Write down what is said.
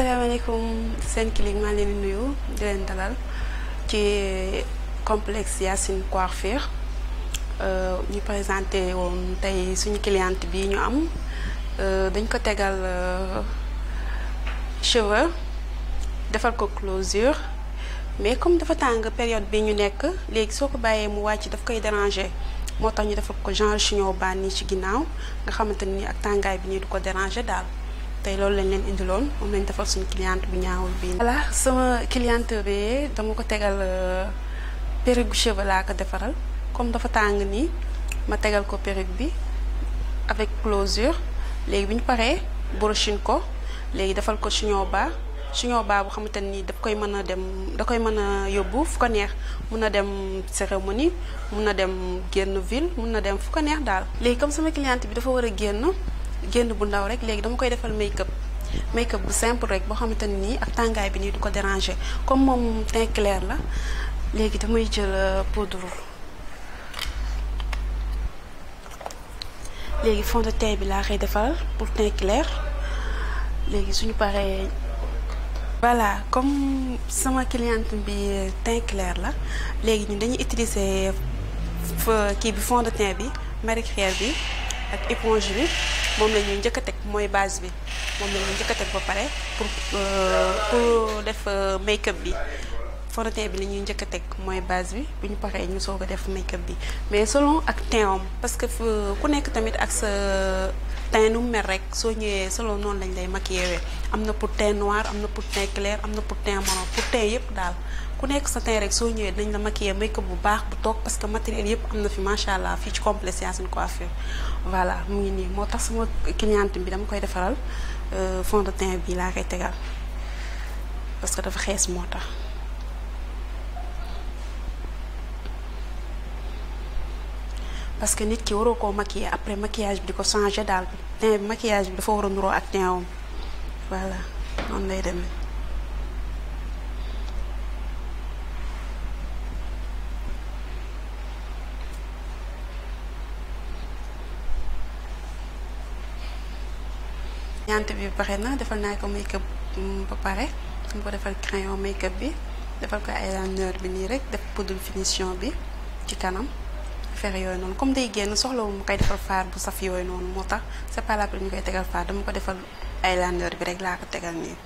asalaamaaleykum Senclic maa leen di nuyu leen dalal ci complexe Yacine Coiffure euh, ñu présenté woon tey suñu cliente bi ñu am euh, dañ ko tegal euh, cheveux defal ko closure mais comme dafa tàng période bi ñu nekk léegi soo ko bàyyee mu wàcc daf koy déranger moo tax ñu defal ko genre chignon bànni ci ginnaaw nga xamante ni ak tàngaay bi ñu du ko déranger daal. tey loolu lañ leen indiloon moom lañ defal suñu cliente bu ñaawul bii. voilà sama cliente bi dama ko tegal euh, perruque bu cheveux laa ko defaral comme dafa tàng nii ma tegal ko perruque bi avec closure léegi bi ñu paree brochine ko léegi defal ko suñoo bas suñoo bas bu xamante ni daf koy mën a dem da koy mën a yóbbu fu ko neex mun na dem cérémonie mun na dem génn ville mun na dem fu ko neex daal. léegi comme sama cliente bi dafa war a génn. génn bu ndaw rek léegi dama koy defal make-up make-up bu simple rek boo xamante ne nii ak tàngaay bi nii du ko déranger comme moom teint clair la léegi damay jël euh, poudre léegi fond de teint bi laa koy defal pour teint clair léegi suñu paree. voilà comme sama cliente bi teint clair la léegi ñun dañuy utiliser euh, kii bi fond de teint bi marqueur bi ak éponge bi. moom la ñuy njëkk a teg mooy base bi moom la ñuy njëkk teg ba pare pour euh, pour def euh, make bi fond de teint bi la ñuy njëkk a teg mooy base bi bu ñu paree ñu soog a def make-up bi mais selon ak ten am parce que ku nekk tamit ak sa teint nu mel rek soo ñëwee selon noonu lañ lay maquiller am na pour teint noir am na pour teint clair am na pour teint marron pour teint yëpp daal ku nekk sa teint rek soo ñëwee dañ la maquiller make-up bu baax bu toog parce que matériel yëpp am na fi macha allah fii ci complexe yaa suñu coiffure voilà mu ngi nii moo tax sama cliente bi dama koy defaral euh, fond de teint bi laa koy tegal que dafa xees moo tax. parce que nit ki waroo koo maquiller après maquillage bi di ko changer daal teint eh, bi bi dafa war a nuroo ak teint am voilà noonu lay demee. ñaante bi pare na defal naa ko make up mm, ba pare mu ko defal crayon make up bi defal ko eyeliner bi nii rek def poudre finition bi ci kanam. affaire yooyu noonu comme day génn soxlawu mu koy defal faar bu saf yooyu noonu moo tax c'est pas la ñu koy tegal faar dama ko defal eyeliner bi rek laa ko tegal nii